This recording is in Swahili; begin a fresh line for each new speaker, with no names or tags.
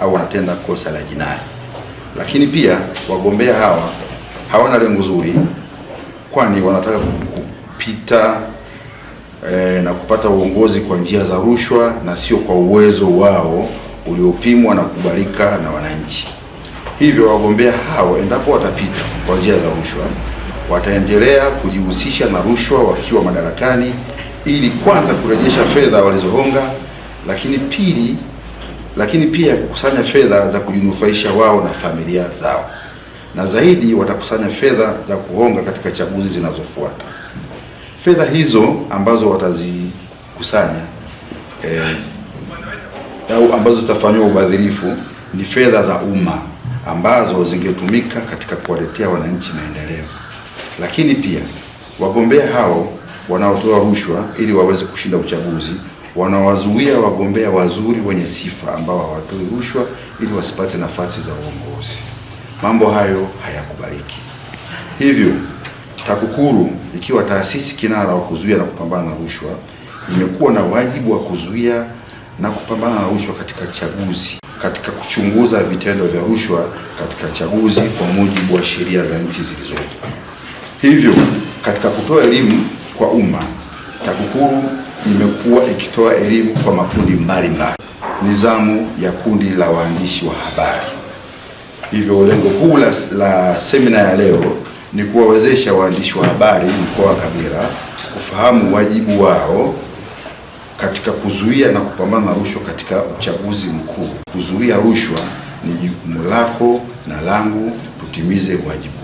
au wanatenda kosa la jinai. Lakini pia wagombea hawa hawana lengo zuri, kwani wanataka kupita e, na kupata uongozi kwa njia za rushwa na sio kwa uwezo wao uliopimwa na kukubalika na wananchi. Hivyo wagombea hawa endapo watapita kwa njia za rushwa, wataendelea kujihusisha na rushwa wakiwa madarakani, ili kwanza kurejesha fedha walizohonga, lakini pili lakini pia kukusanya fedha za kujinufaisha wao na familia zao, na zaidi watakusanya fedha za kuhonga katika chaguzi zinazofuata. Fedha hizo ambazo watazikusanya eh, au ambazo zitafanyiwa ubadhirifu ni fedha za umma ambazo zingetumika katika kuwaletea wananchi maendeleo. Lakini pia wagombea hao wanaotoa rushwa ili waweze kushinda uchaguzi wanawazuia wagombea wazuri wenye sifa ambao hawatoi rushwa ili wasipate nafasi za uongozi. Mambo hayo hayakubaliki. Hivyo TAKUKURU ikiwa taasisi kinara wa kuzuia na kupambana na rushwa imekuwa na wajibu wa kuzuia na kupambana na rushwa katika chaguzi, katika kuchunguza vitendo vya rushwa katika chaguzi kwa mujibu wa sheria za nchi zilizopo. Hivyo katika kutoa elimu kwa umma TAKUKURU imekuwa ikitoa elimu kwa makundi mbalimbali, nizamu ya kundi la waandishi wa habari. Hivyo lengo kuu la, la semina ya leo ni kuwawezesha waandishi wa habari mkoa wa Kagera kufahamu wajibu wao katika kuzuia na kupambana na rushwa katika uchaguzi mkuu. Kuzuia rushwa ni jukumu lako na langu, tutimize wajibu